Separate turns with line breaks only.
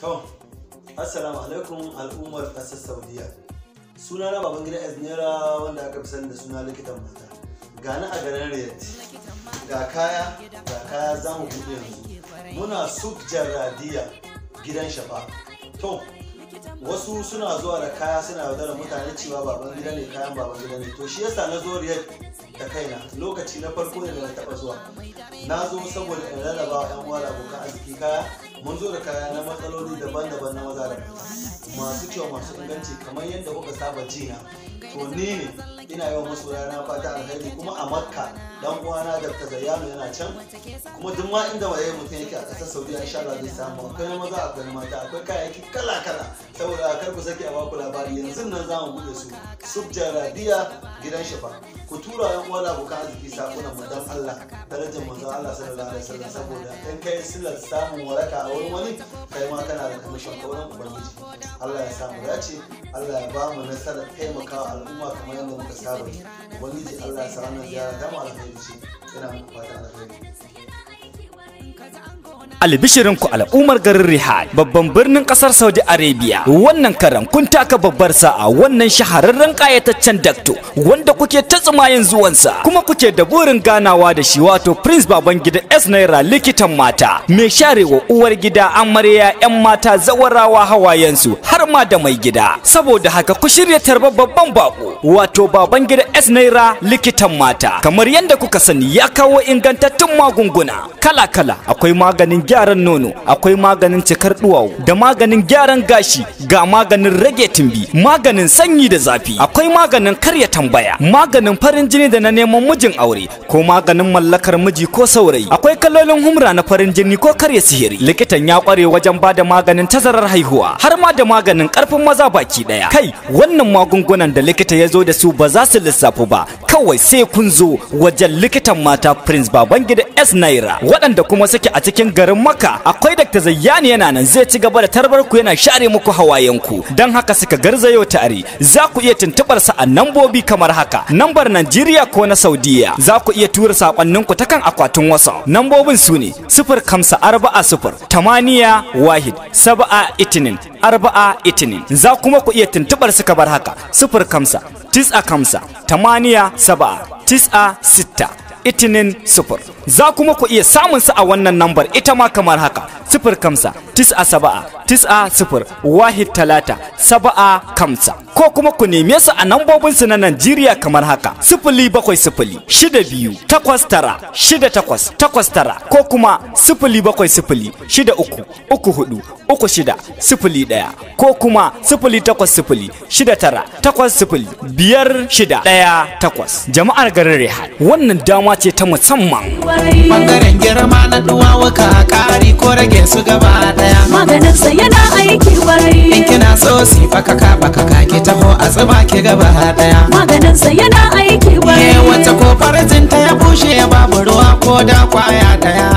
To, Assalamu alaikum al'ummar ƙasar Saudiya. Suna na baban gida wanda aka fi sani da suna likitan mata. Ga ni a garin Riyadh. Ga kaya, ga kaya za mu buɗe yanzu. Muna suk jarradiya gidan shafa. To, wasu suna zuwa da kaya suna da mutane cewa baban gida ne kayan baban gida ne to shi yasa na zo riyad da kaina lokaci na farko da na taba zuwa na zo saboda in rarraba wa yan uwa da abokan arziki kaya mun zo da kaya na matsaloli daban-daban na maza da masu kyau masu inganci kamar yadda kuka saba jina to ni ne ina yawan masu rana fata alheri kuma a makka dan uwana dr zayyano yana can kuma duk ma inda waye mutum yake a kasar saudiya insha Allah zai samu akwai na maza akwai mata akwai kayayyaki kala kala saboda kar ku sake a baku labari yanzu nan za mu bude su radiya gidan shafa ku tura yan uwa da abokan arziki sakunan mu dan Allah darajar manzon Allah sallallahu alaihi wasallam saboda kai sillar samun waraka wurin wani kai ma kana da kamishin ta wurin ubangiji allah ya samu dace allah ya ba mu nasarar taimakawa al'umma kamar yadda muka saba ubangiji allah ya sa ziyara dama alheri yana muku fata alheri
albishirin ku al'ummar garin Rihad babban birnin kasar Saudi Arabia wannan karan kun taka babbar sa'a wannan shahararren kayataccen dakto wanda kuke ta tsimayin zuwansa kuma kuke da burin ganawa da shi wato Prince Babangida S Naira likitan mata mai sharewa uwar gida amarya yan mata zawarawa hawayensu har ma da mai gida saboda haka ku shirya tarba babban bako wato Babangida S Naira likitan mata kamar yadda kuka sani ya kawo ingantattun magunguna kala-kala akwai maganin gyaran nono akwai maganin cikar duwawu da maganin gyaran gashi ga maganin rage tumbi maganin sanyi da zafi akwai maganin karya tambaya maganin farin jini da na neman mijin aure ko maganin mallakar miji ko saurayi akwai kalolin humra na farin jini ko karya sihiri likitan ya kware wajen bada maganin tazarar haihuwa har ma da maganin karfin maza baki daya kai wannan magungunan da likita ya zo da su ba za su lissafu ba kawai sai kun zo wajen likitan mata Prince Babangida S Naira waɗanda kuma suke a cikin garin Maka akwai Dr. Zayyani yana nan zai ci gaba da tarbar ku yana share muku ku. dan haka suka garzayo tare za ku iya tuntubar sa a nambobi kamar haka nambar Najeriya ko na Saudiya za ku iya tura sakonnin ku ta kan akwatin wasa. nambobin su ne 0540 tamaniya wahid saba'a itinin arba'a itinin za kuma ku iya tuntubar su kamar haka sifir kamsa tis'a kamsa tamaniya saba'a tis'a sitta itinin sufur za kuma ku iya samun su a wannan nambar ita ma kamar haka sifir kamsa tis'a saba'a tis'a sifir wahid talata saba'a kamsa ko kuma ku neme su a su na Najeriya kamar haka sifili bakwai sifili shida biyu takwas tara shida takwas takwas tara ko kuma sifili bakwai sifili shida uku uku hudu uku shida sifili ɗaya ko kuma sifili takwas sifili shida tara takwas sifili biyar shida ɗaya takwas jama'ar garin Rehad wannan dama ce ta musamman. Bangaren girma na duwawa kari ko rage haɗe su gaba ɗaya
maganinsa yana aiki kwarai kina
so si baka ka baka ka ki taho a zuba, ki gaba ɗaya
maganinsa yana aiki kwarai wata kofar ta ya bushe babu ruwa ko da kwaya ɗaya